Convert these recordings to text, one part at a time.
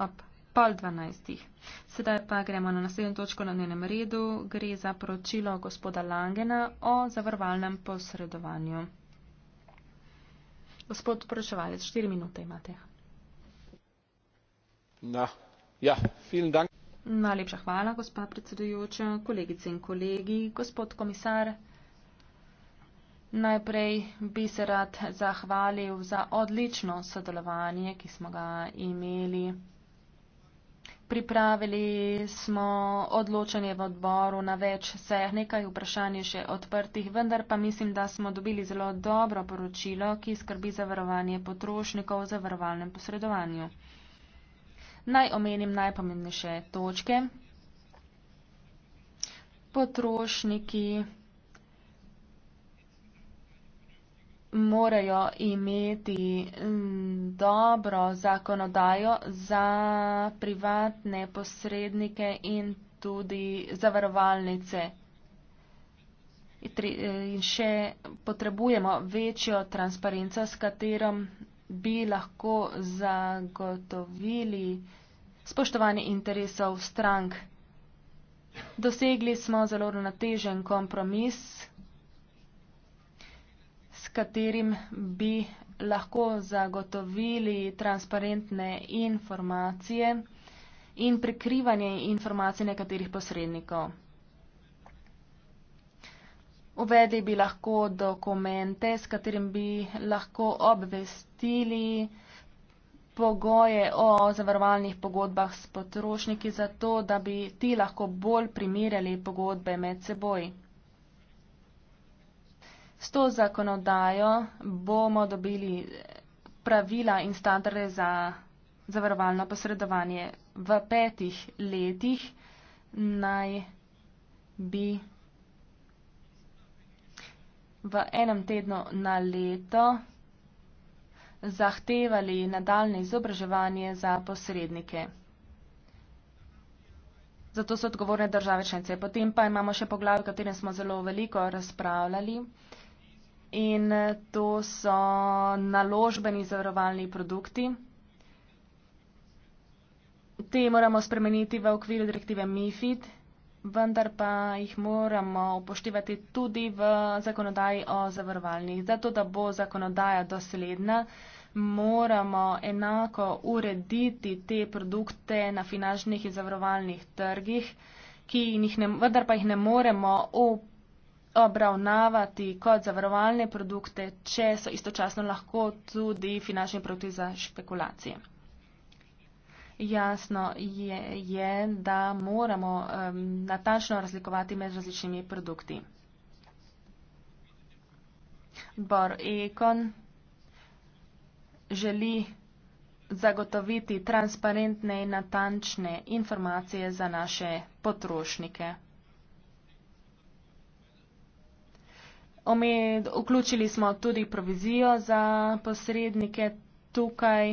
ob pol dvanajstih. Sedaj pa gremo na naslednjo točko na njenem redu. Gre za poročilo gospoda Langena o zavarvalnem posredovanju. Gospod poročevalec, štiri minute imate. Na, ja, film dan. Najlepša hvala, gospa predsedujoča, kolegice in kolegi, gospod komisar. Najprej bi se rad zahvalil za odlično sodelovanje, ki smo ga imeli. Pripravili smo odločanje v odboru na več sejah, nekaj vprašanj še odprtih, vendar pa mislim, da smo dobili zelo dobro poročilo, ki skrbi za varovanje potrošnikov v zavarovalnem posredovanju. Naj omenim najpomembnejše točke. Potrošniki. morajo imeti mm, dobro zakonodajo za privatne posrednike in tudi zavarovalnice. Eh, in še potrebujemo večjo transparenco, s katerom bi lahko zagotovili spoštovanje interesov strank. Dosegli smo zelo natežen kompromis katerim bi lahko zagotovili transparentne informacije in prekrivanje informacij nekaterih posrednikov. Uvedli bi lahko dokumente, s katerim bi lahko obvestili pogoje o zavarovalnih pogodbah s potrošniki, zato da bi ti lahko bolj primirjali pogodbe med seboj. S to zakonodajo bomo dobili pravila in standarde za zavarovalno posredovanje. V petih letih naj bi v enem tednu na leto zahtevali nadaljne izobraževanje za posrednike. Zato so odgovorne države članice. Potem pa imamo še poglavje, o katerem smo zelo veliko razpravljali in eh, to so naložbeni zavarovalni produkti. Te moramo spremeniti v okviru direktive MIFID, vendar pa jih moramo upoštevati tudi v zakonodaji o zavarovalnih. Zato, da bo zakonodaja dosledna, moramo enako urediti te produkte na finančnih in zavarovalnih trgih, ki jih ne, vendar pa jih ne moremo upoštevati obravnavati kot zavarovalne produkte, če so istočasno lahko tudi finančni produkti za špekulacije. Jasno je, je da moramo um, natančno razlikovati med različnimi produkti. Bor Ekon želi zagotoviti transparentne in natančne informacije za naše potrošnike. Omed, vključili smo tudi provizijo za posrednike. Tukaj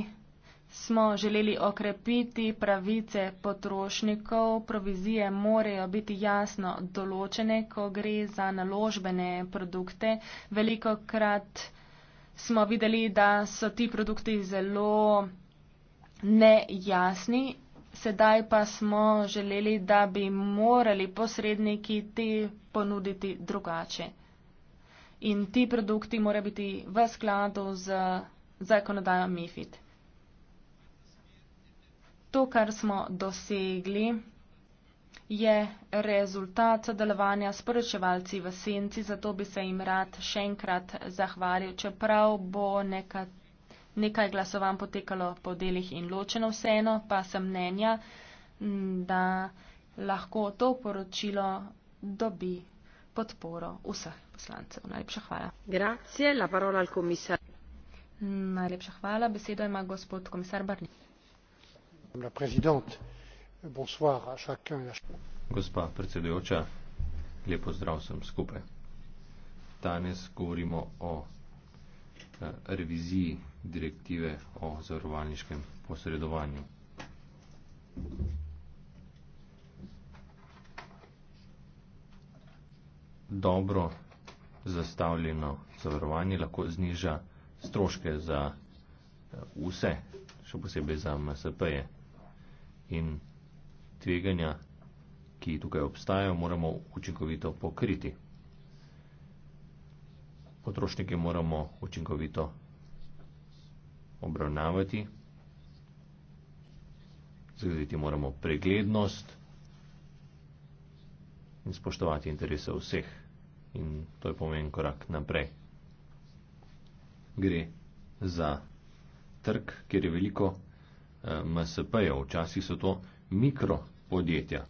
smo želeli okrepiti pravice potrošnikov. Provizije morajo biti jasno določene, ko gre za naložbene produkte. Veliko krat smo videli, da so ti produkti zelo nejasni. Sedaj pa smo želeli, da bi morali posredniki te ponuditi drugače in ti produkti morajo biti v skladu z zakonodajo MIFID. To, kar smo dosegli, je rezultat sodelovanja s poročevalci v senci, zato bi se jim rad še enkrat zahvalil, čeprav bo neka, nekaj glasovanj potekalo po delih in ločeno vseeno, pa sem mnenja, da lahko to poročilo dobi podporo vseh poslancev. Najlepša hvala. Grazie, la parola al komisar. Najlepša hvala. Besedo ima gospod komisar Barni. Gospa predsedujoča, lepo zdrav sem skupaj. Danes govorimo o eh, reviziji direktive o zavarovalniškem posredovanju. dobro zastavljeno zavarovanje lahko zniža stroške za eh, vse, še posebej za MSP-je. In tveganja, ki tukaj obstajajo, moramo učinkovito pokriti. Potrošnike moramo učinkovito obravnavati, zgraditi moramo preglednost in spoštovati interese vseh in to je pomen korak naprej. Gre za trg, kjer je veliko eh, MSP-jev, včasih so to mikropodjetja.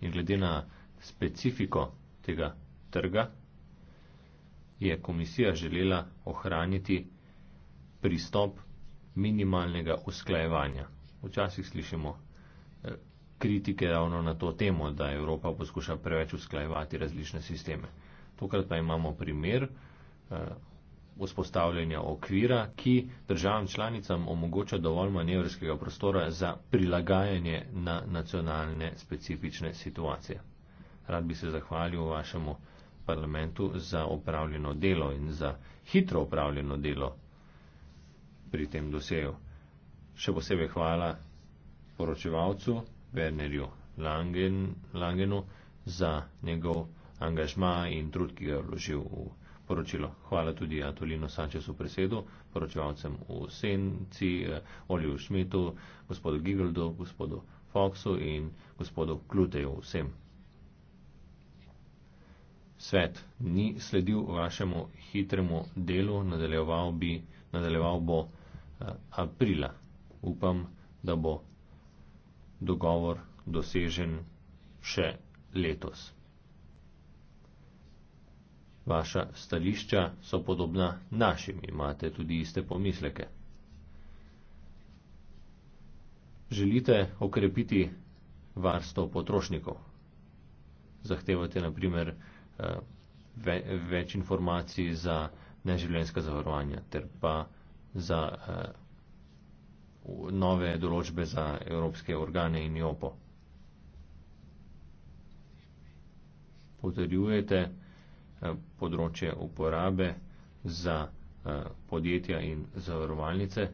In glede na specifiko tega trga je komisija želela ohraniti pristop minimalnega usklajevanja. Včasih slišimo, eh, kritike ravno na to temo, da Evropa poskuša preveč usklajevati različne sisteme. Tokrat pa imamo primer eh, vzpostavljanja okvira, ki državam članicam omogoča dovolj manevrskega prostora za prilagajanje na nacionalne specifične situacije. Rad bi se zahvalil vašemu parlamentu za upravljeno delo in za hitro upravljeno delo pri tem doseju. Še posebej hvala poročevalcu. Bernerju Langen, Langenu za njegov angažma in trud, ki ga je vložil v poročilo. Hvala tudi Atolino Sančesu Presedu, poročevalcem v Senci, eh, Oliju Šmitu, gospodu Gigeldu, gospodu Foxu in gospodu Kluteju vsem. Svet ni sledil vašemu hitremu delu, nadaljeval, bi, nadaljeval bo eh, aprila. Upam, da bo dogovor dosežen še letos. Vaša stališča so podobna našim, imate tudi iste pomisleke. Želite okrepiti varstvo potrošnikov. Zahtevate na primer eh, več informacij za neživljenjska zavarovanja ter pa za eh, nove določbe za evropske organe in JOPO. Potrjujete eh, področje uporabe za eh, podjetja in zavarovalnice,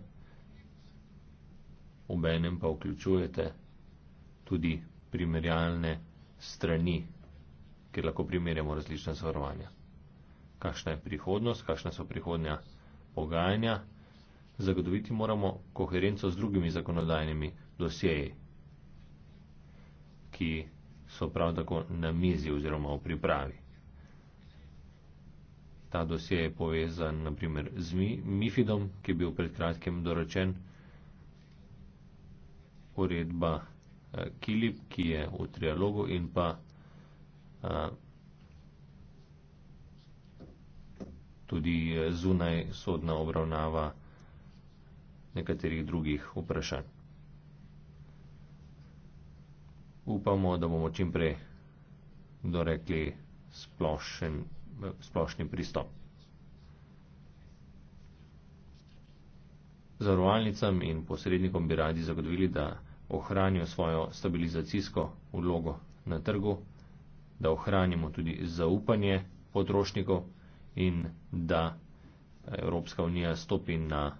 obenem pa vključujete tudi primerjalne strani, kjer lahko primerjamo različna zavarovanja. Kakšna je prihodnost, kakšna so prihodnja pogajanja, zagotoviti moramo koherenco z drugimi zakonodajnimi dosjeji, ki so prav tako na mizi oziroma v pripravi. Ta dosje je povezan naprimer z MIFIDom, ki je bil pred kratkem doročen, uredba eh, KILIP, ki je v trialogu in pa eh, tudi eh, zunaj sodna obravnava MIFID nekaterih drugih vprašanj. Upamo, da bomo čimprej dorekli splošen, splošni pristop. Zarovalnicam in posrednikom bi radi zagotovili, da ohranijo svojo stabilizacijsko vlogo na trgu, da ohranimo tudi zaupanje potrošnikov in da Evropska unija stopi na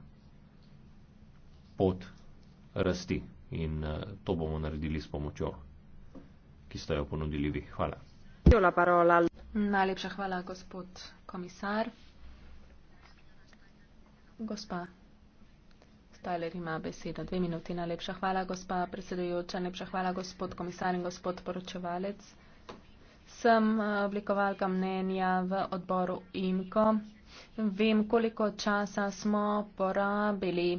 pot rasti in uh, to bomo naredili s pomočjo, ki ste jo ponudili vi. Hvala. Najlepša hvala, gospod komisar. Gospa Staler ima besedo. Dve minuti. Najlepša hvala, gospa predsedujoča. Najlepša hvala, gospod komisar in gospod poročevalec. Sem eh, oblikovalka mnenja v odboru IMKO. Vem, koliko časa smo porabili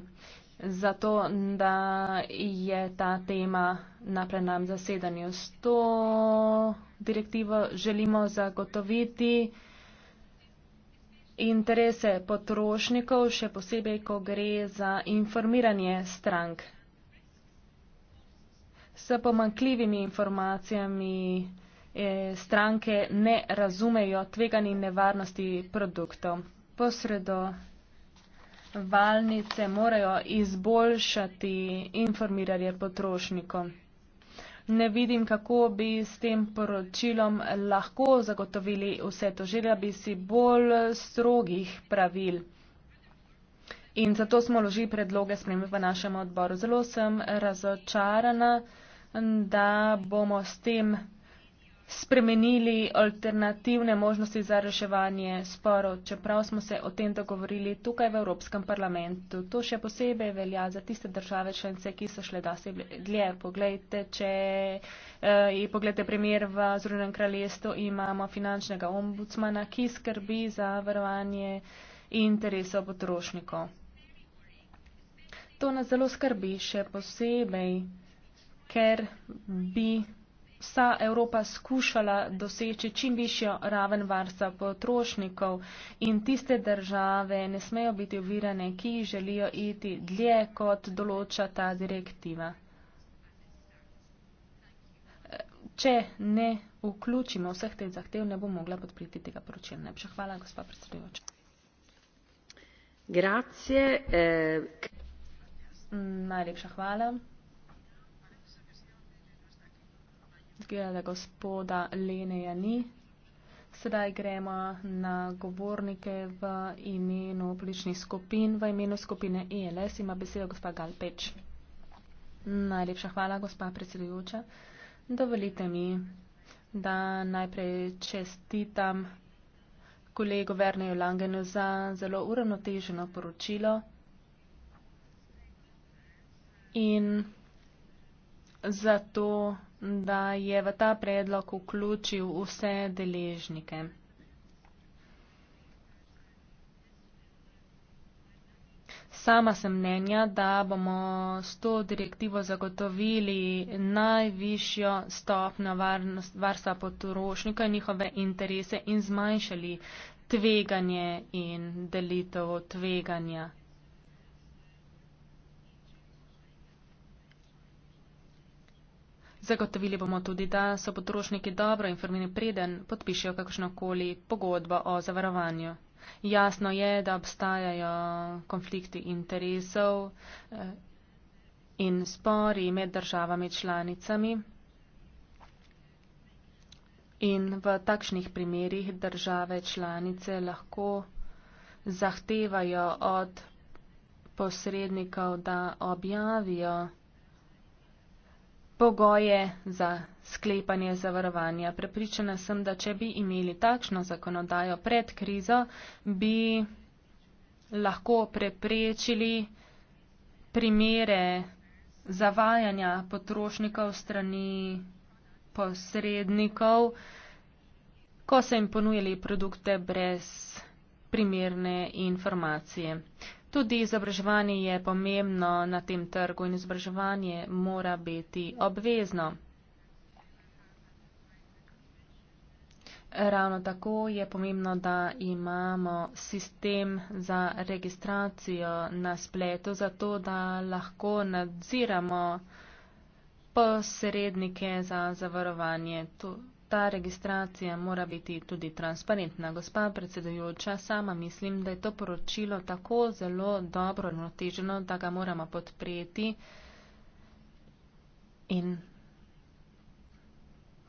zato, da je ta tema na plenarnem zasedanju. S to direktivo želimo zagotoviti interese potrošnikov, še posebej, ko gre za informiranje strank. S pomankljivimi informacijami eh, stranke ne razumejo tveganih nevarnosti produktov. Posredo valnice morajo izboljšati informiranje potrošnikov. Ne vidim, kako bi s tem poročilom lahko zagotovili vse to. Želja bi si bolj strogih pravil. In zato smo ložili predloge spremembe v našem odboru. Zelo sem razočarana, da bomo s tem spremenili alternativne možnosti za reševanje sporov, čeprav smo se o tem dogovorili tukaj v Evropskem parlamentu. To še posebej velja za tiste države članice, ki so šle dasi dlje. Poglejte, če eh, poglejte primer v Združenem kraljestvu, imamo finančnega ombudsmana, ki skrbi za varovanje interesov potrošnikov. To nas zelo skrbi, še posebej, ker bi vsa Evropa skušala doseči čim višjo raven varstva potrošnikov in tiste države ne smejo biti uvirane, ki želijo iti dlje, kot določa ta direktiva. Če ne vključimo vseh teh zahtev, ne bom mogla podpriti tega poročila. Najprej hvala, gospa predsedujoča. Grazie. Eh... Najlepša hvala. spirale gospoda Lene Jani. Sedaj gremo na govornike v imenu političnih skupin. V imenu skupine ELS ima besedo gospa Galpeč. Najlepša hvala, gospa predsedujoča. Dovolite mi, da najprej čestitam kolego Verneju Langenu za zelo uravnoteženo poročilo in za to, da je v ta predlog vključil vse deležnike. Sama sem mnenja, da bomo s to direktivo zagotovili najvišjo stopno varnost, varstva potrošnika in njihove interese in zmanjšali tveganje in delitev tveganja. Zagotovili bomo tudi, da so potrošniki dobro informirani preden podpišijo kakšnokoli pogodbo o zavarovanju. Jasno je, da obstajajo konflikti interesov eh, in spori med državami članicami. In v takšnih primerjih države članice lahko zahtevajo od posrednikov, da objavijo pogoje za sklepanje zavarovanja. Prepričana sem, da če bi imeli takšno zakonodajo pred krizo, bi lahko preprečili primere zavajanja potrošnikov strani posrednikov, ko so jim ponujali produkte brez primerne informacije. Tudi izobraževanje je pomembno na tem trgu in izobraževanje mora biti obvezno. Ravno tako je pomembno, da imamo sistem za registracijo na spletu, zato da lahko nadziramo posrednike za zavarovanje. To ta registracija mora biti tudi transparentna. Gospa predsedujoča, sama mislim, da je to poročilo tako zelo dobro noteženo, da ga moramo podpreti in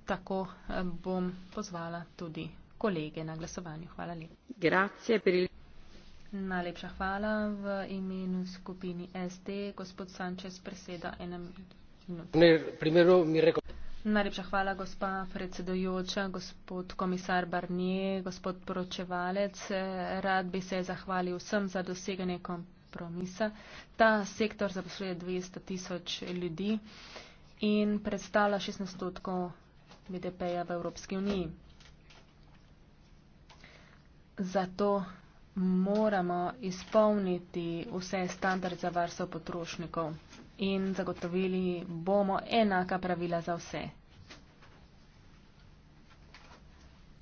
tako eh, bom pozvala tudi kolege na glasovanju. Hvala lepa. Grazie per il... Najlepša hvala v imenu skupini SD. Gospod Sanchez preseda enem minutu. Najlepša hvala, gospa predsedojoča, gospod komisar Barnier, gospod poročevalec. Rad bi se zahvalil vsem za doseganje kompromisa. Ta sektor zaposluje 200 tisoč ljudi in predstavlja 16 odstotkov BDP-ja v Evropski uniji. Zato moramo izpolniti vse standarde za varstvo potrošnikov in zagotovili bomo enaka pravila za vse.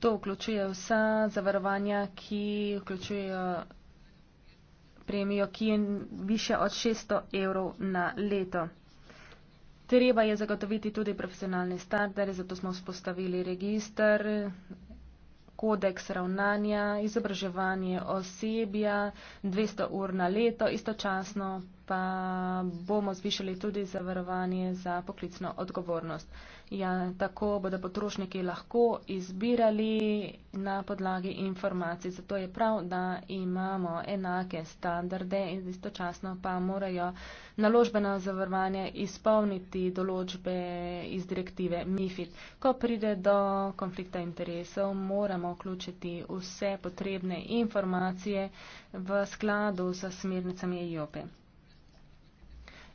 To vključuje vsa zavarovanja, ki vključujejo premijo, ki je više od 600 evrov na leto. Treba je zagotoviti tudi profesionalne standarde, zato smo vzpostavili registr, kodeks ravnanja, izobraževanje osebja 200 ur na leto, istočasno pa bomo zvišali tudi zavarovanje za poklicno odgovornost. Ja, tako bodo potrošniki lahko izbirali na podlagi informacij, zato je prav, da imamo enake standarde in istočasno pa morajo naložbena zavarovanja izpolniti določbe iz direktive MIFID. Ko pride do konflikta interesov, moramo vključiti vse potrebne informacije v skladu s smernicami IOPE.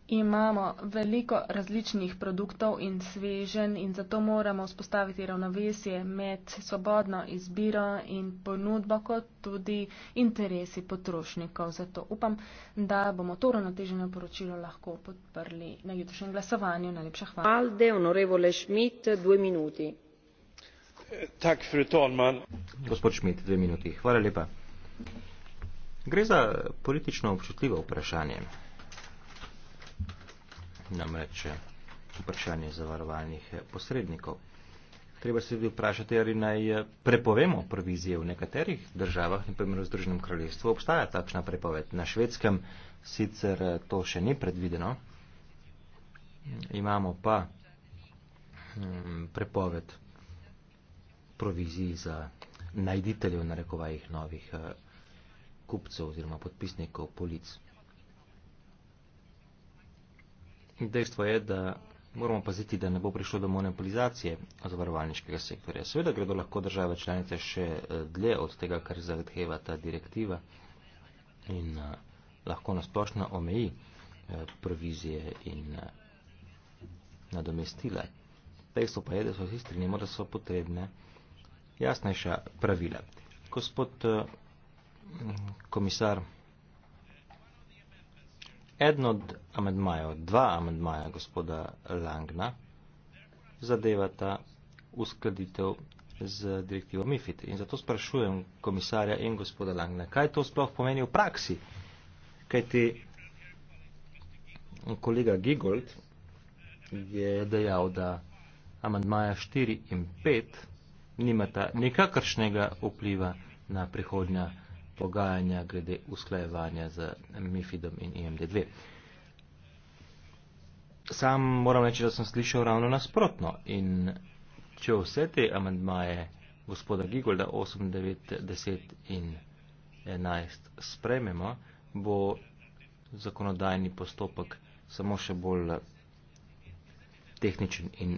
Imamo veliko različnih produktov in svežen in zato moramo vzpostaviti ravnovesje med svobodno izbiro in ponudbo, kot tudi interesi potrošnikov. Zato upam, da bomo to ravnoteženo poročilo lahko podprli na jutrišnjem glasovanju. Najlepša hvala. Tak, Gospod Šmit, dve minuti. Hvala lepa. Gre za politično občutljivo vprašanje namreč vprašanje zavarovalnih posrednikov. Treba se tudi vprašati, ali naj prepovemo provizije v nekaterih državah, na primer v Združenem kraljestvu, obstaja takšna prepoved. Na švedskem sicer to še ni predvideno, imamo pa hm, prepoved provizij za najditelje v narekovajih novih eh, kupcev oziroma podpisnikov polic. Dejstvo je, da moramo paziti, da ne bo prišlo do monopolizacije zavarovalniškega sektorja. Seveda gredo lahko države članice še eh, dlje od tega, kar zahteva ta direktiva in eh, lahko nasplošno omeji eh, provizije in nadomestile. Dejstvo pa je, da so vsi strinjamo, da so potrebne jasnejša pravila. Gospod komisar, Eden od amedmajev, dva amedmaja gospoda Langna zadevata uskladitev z direktivo MIFID. In zato sprašujem komisarja in gospoda Langna, kaj to sploh pomeni v praksi? Kaj ti kolega Gigold je dejal, da amedmaja 4 in 5 nimata nikakršnega vpliva na prihodnja pogajanja glede usklajevanja z MIFIDom in IMD2. Sam moram reči, da sem slišal ravno nasprotno in če vse te amendmaje gospoda Gigolda 8, 9, 10 in 11 sprememo, bo zakonodajni postopek samo še bolj tehničen in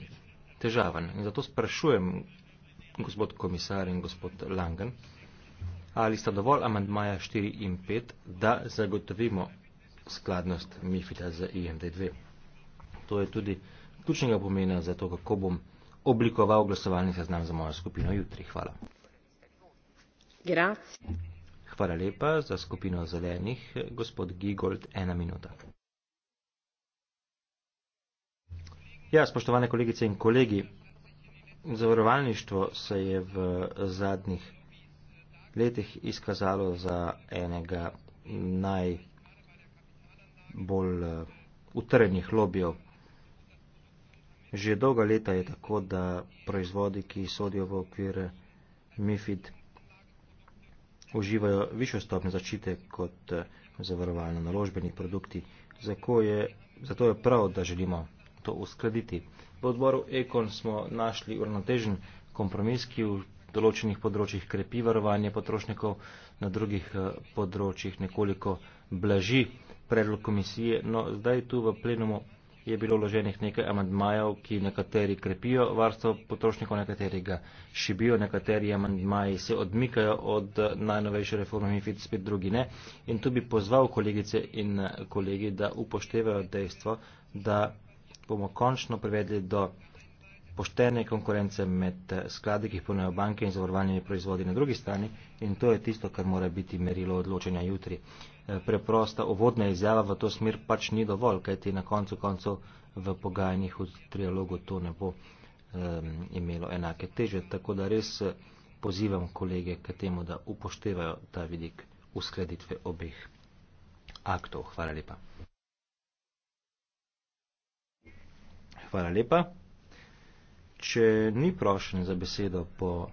težaven. In zato sprašujem gospod komisar in gospod Langen, ali sta dovolj amandmaja 4 in 5, da zagotovimo skladnost MIFID-a z IMD2. To je tudi ključnega pomena za to, kako bom oblikoval glasovalni seznam za mojo skupino jutri. Hvala. Grazie. Hvala lepa za skupino zelenih, gospod Gigold, ena minuta. Ja, spoštovane kolegice in kolegi, zavarovalništvo se je v zadnjih letih izkazalo za enega najbolj eh, utrjenih lobijev. Že dolga leta je tako, da proizvodi, ki sodijo v okvir MIFID, uživajo višjo stopnjo zaščite kot eh, zavarovalno naložbeni produkti. Zato je, zato je prav, da želimo to uskladiti. V odboru Ekon smo našli uravnotežen kompromis, ki določenih področjih krepi varovanje potrošnikov, na drugih eh, področjih nekoliko blaži predlog komisije. No, zdaj tu v plenumu je bilo loženih nekaj amandmajev, ki nekateri krepijo varstvo potrošnikov, nekateri ga šibijo, nekateri amandmaji se odmikajo od eh, najnovejše reforme MIFID, spet drugi ne. In tu bi pozval kolegice in eh, kolegi, da upoštevajo dejstvo, da bomo končno privedli do poštene konkurence med eh, skladi, ki jih ponujejo banke in zavarovanjeni proizvodi na drugi strani in to je tisto, kar mora biti merilo odločenja jutri. Eh, preprosta uvodna izjava v to smer pač ni dovolj, kajti na koncu koncu v pogajanjih v trialogu to ne bo um, imelo enake teže, tako da res eh, pozivam kolege k temu, da upoštevajo ta vidik uskladitve obeh aktov. Hvala lepa. Hvala lepa če ni prošen za besedo po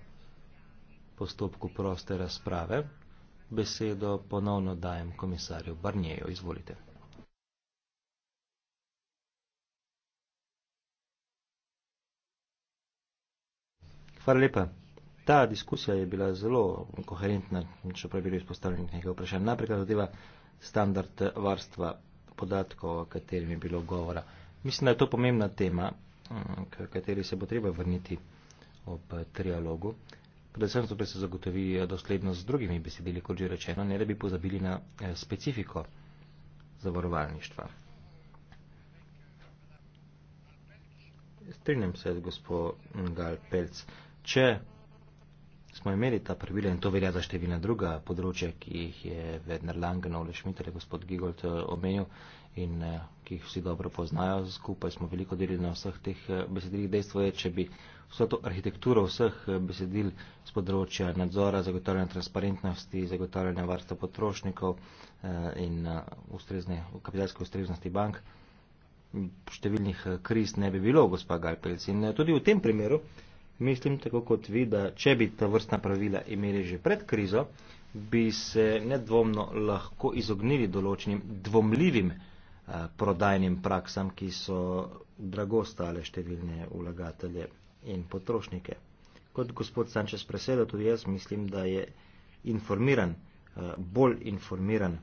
postopku proste razprave, besedo ponovno dajem komisarju Barnjeju. Izvolite. Hvala lepa. Ta diskusija je bila zelo koherentna, čeprav je bilo izpostavljenih nekaj vprašanj. Naprej, zadeva standard varstva podatkov, o katerem je bilo govora. Mislim, da je to pomembna tema k kateri se bo treba vrniti ob trialogu. Predvsem zato, da se zagotovi eh, doslednost z drugimi besedili, kot že rečeno, ne da bi pozabili na eh, specifiko zavarovalništva. Strinjam se, gospod Gal Pelc. Če smo imeli ta pravila in to velja za številna druga področja, ki jih je Vedner Langen, Ole Šmitele, torej gospod Gigolt eh, omenil in ki jih vsi dobro poznajo, skupaj smo veliko delili na vseh teh eh, besedilih. Dejstvo je, če bi vso to arhitekturo vseh eh, besedil z področja nadzora, zagotavljanja transparentnosti, zagotavljanja varstva potrošnikov eh, in ustrezne, kapitalske ustreznosti bank, številnih kriz ne bi bilo, gospa Galpelc. In tudi v tem primeru mislim, tako kot vi, da če bi ta vrstna pravila imeli že pred krizo, bi se nedvomno lahko izognili določenim dvomljivim eh, Eh, prodajnim praksam, ki so drago stale številne vlagatelje in potrošnike. Kot gospod Sančes presedo, tudi jaz mislim, da je informiran, eh, bolj informiran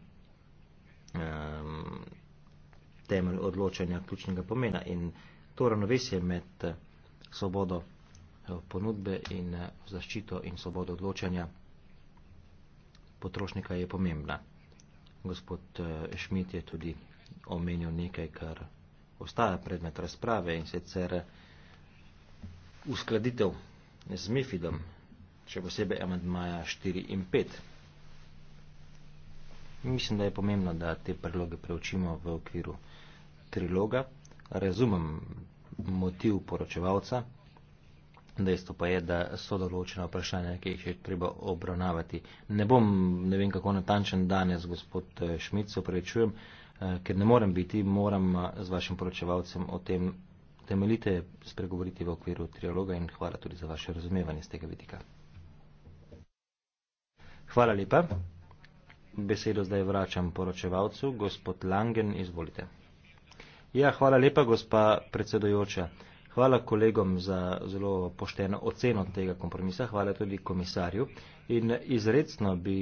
eh, temelj odločanja ključnega pomena in to ravnovesje med svobodo ponudbe in zaščito in svobodo odločanja potrošnika je pomembna. Gospod Šmit je tudi omenil nekaj, kar ostaja predmet razprave in sicer uskladitev z MIFIDom, še posebej amandmaja 4 in 5. Mislim, da je pomembno, da te predloge preučimo v okviru triloga. Razumem motiv poročevalca, dejstvo pa je, da so določena vprašanja, ki jih je treba obravnavati. Ne bom, ne vem kako natančen danes, gospod Šmit, se upravičujem. Uh, Eh, ker ne morem biti, moram eh, z vašim poročevalcem o tem temeljite spregovoriti v okviru trialoga in hvala tudi za vaše razumevanje z tega vidika. Hvala lepa. Besedo zdaj vračam poročevalcu. Gospod Langen, izvolite. Ja, hvala lepa, gospa predsedojoča. Hvala kolegom za zelo pošteno oceno tega kompromisa. Hvala tudi komisarju. In izredno bi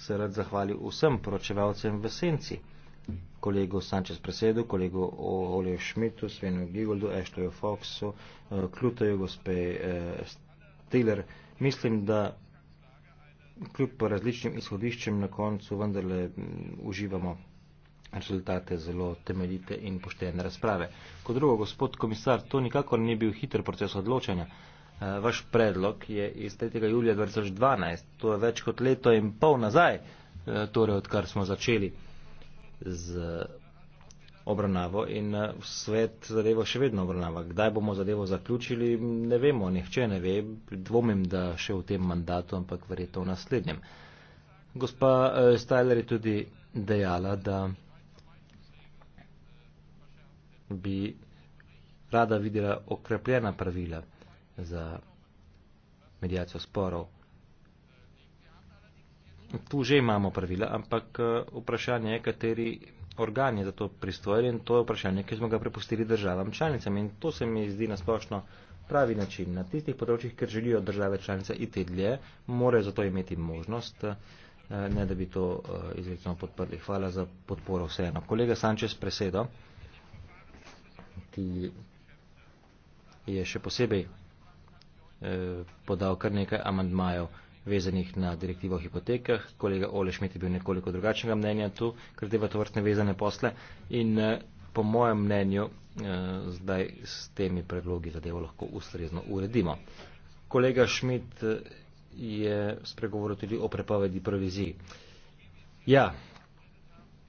se rad zahvalil vsem poročevalcem v Senci, kolegu Sančes Presedu, kolegu Olev Šmitu, Svenu Gigoldu, Eštoju Foxu, eh, Klutaju, gospe eh, Stiller. Mislim, da kljub različnim izhodiščem na koncu vendarle mm, uživamo rezultate zelo temeljite in poštene razprave. Kot drugo, gospod komisar, to nikako ni bil hiter proces odločanja. Eh, vaš predlog je iz 3. julija 2012, to je več kot leto in pol nazaj, eh, torej odkar smo začeli z obravnavo in eh, svet zadevo še vedno obravnava. Kdaj bomo zadevo zaključili, ne vemo, nihče ne ve, dvomim, da še v tem mandatu, ampak verjetno v naslednjem. Gospa Stajler je tudi dejala, da bi rada videla okrepljena pravila za medijacijo sporov. Tu že imamo pravila, ampak eh, vprašanje je, kateri organ je za to pristojen in to je vprašanje, ki smo ga prepustili državam članicam in to se mi zdi nasplošno pravi način. Na tistih področjih, ker želijo države članice iti dlje, morajo zato imeti možnost, eh, ne da bi to eh, izrecno podprli. Hvala za podporo vseeno. Kolega Sanchez presedo, ki je še posebej Eh, podal kar nekaj amandmajev vezanih na direktivo o hipotekah. Kolega Ole Šmit je bil nekoliko drugačnega mnenja tu, ker deva to vrstne vezane posle. In eh, po mojem mnenju eh, zdaj s temi predlogi zadevo lahko ustrezno uredimo. Kolega Šmit je spregovoril tudi o prepovedi proviziji. Ja,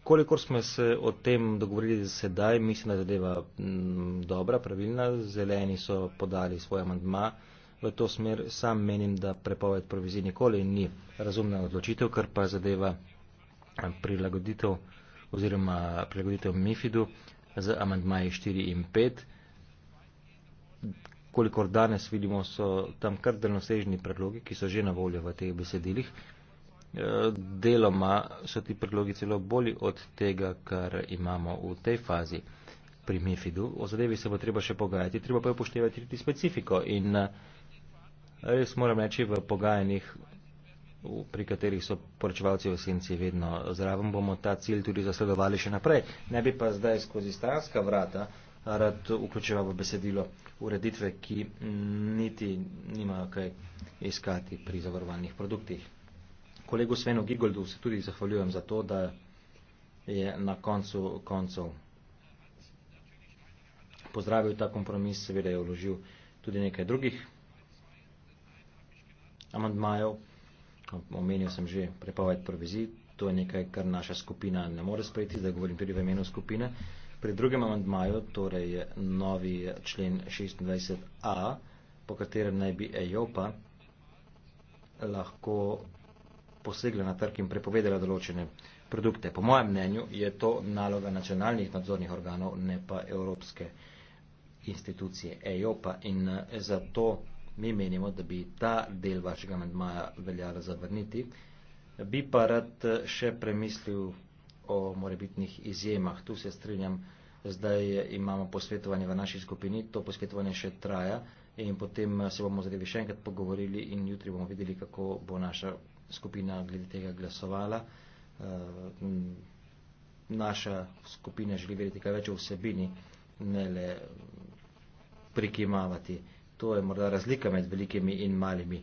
kolikor smo se o tem dogovorili sedaj, mislim, da je zadeva mm, dobra, pravilna. Zeleni so podali svoj amandma v to smer. Sam menim, da prepoved provizij nikoli ni razumna odločitev, kar pa zadeva eh, prilagoditev oziroma prilagoditev MIFID-u z amandmaji 4 in 5. Kolikor danes vidimo, so tam kar delnosežni predlogi, ki so že na voljo v teh besedilih. Eh, deloma so ti predlogi celo bolji od tega, kar imamo v tej fazi pri MIFID-u. O zadevi se bo treba še pogajati, treba pa je upoštevati tudi specifiko in eh, Res moram reči, v pogajanjih, pri katerih so poročevalci v senci vedno zraven, bomo ta cilj tudi zasledovali še naprej. Ne bi pa zdaj skozi stranska vrata rad vključeval v besedilo ureditve, ki niti nimajo kaj iskati pri zavarovanih produktih. Kolegu Svenu Gigoldu se tudi zahvaljujem za to, da je na koncu koncov pozdravil ta kompromis, seveda je vložil tudi nekaj drugih amandmajev. Omenil sem že prepoved provizij, to je nekaj, kar naša skupina ne more sprejeti, da govorim tudi v imenu skupine. Pri drugem amandmaju, torej novi člen 26a, po katerem naj bi EJOPA lahko posegla na trg in prepovedala določene produkte. Po mojem mnenju je to naloga nacionalnih nadzornih organov, ne pa evropske institucije EJOPA in eh, zato mi menimo, da bi ta del vašega amendmaja veljalo zavrniti. Bi pa rad še premislil o morebitnih izjemah. Tu se strinjam, zdaj imamo posvetovanje v naši skupini, to posvetovanje še traja in potem se bomo zadevi še enkrat pogovorili in jutri bomo videli, kako bo naša skupina glede tega glasovala. Eh, naša skupina želi verjeti kaj več o vsebini, ne le prikimavati. To je morda razlika med velikimi in malimi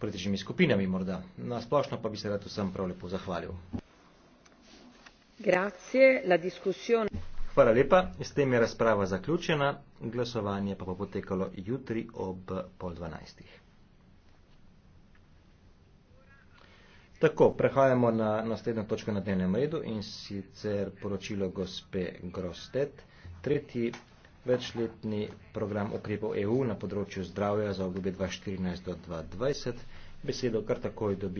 političnimi skupinami morda. Na splošno pa bi se rad vsem prav lepo zahvalil. Grazie, la discussione. Hvala lepa, s tem je razprava zaključena, glasovanje pa bo potekalo jutri ob pol dvanajstih. Tako, prehajamo na naslednjo točko na dnevnem redu in sicer poročilo gospe Grostet, tretji večletni program ukrepov EU na področju zdravja za obdobje 2014-2020. Besedo kar takoj dobi.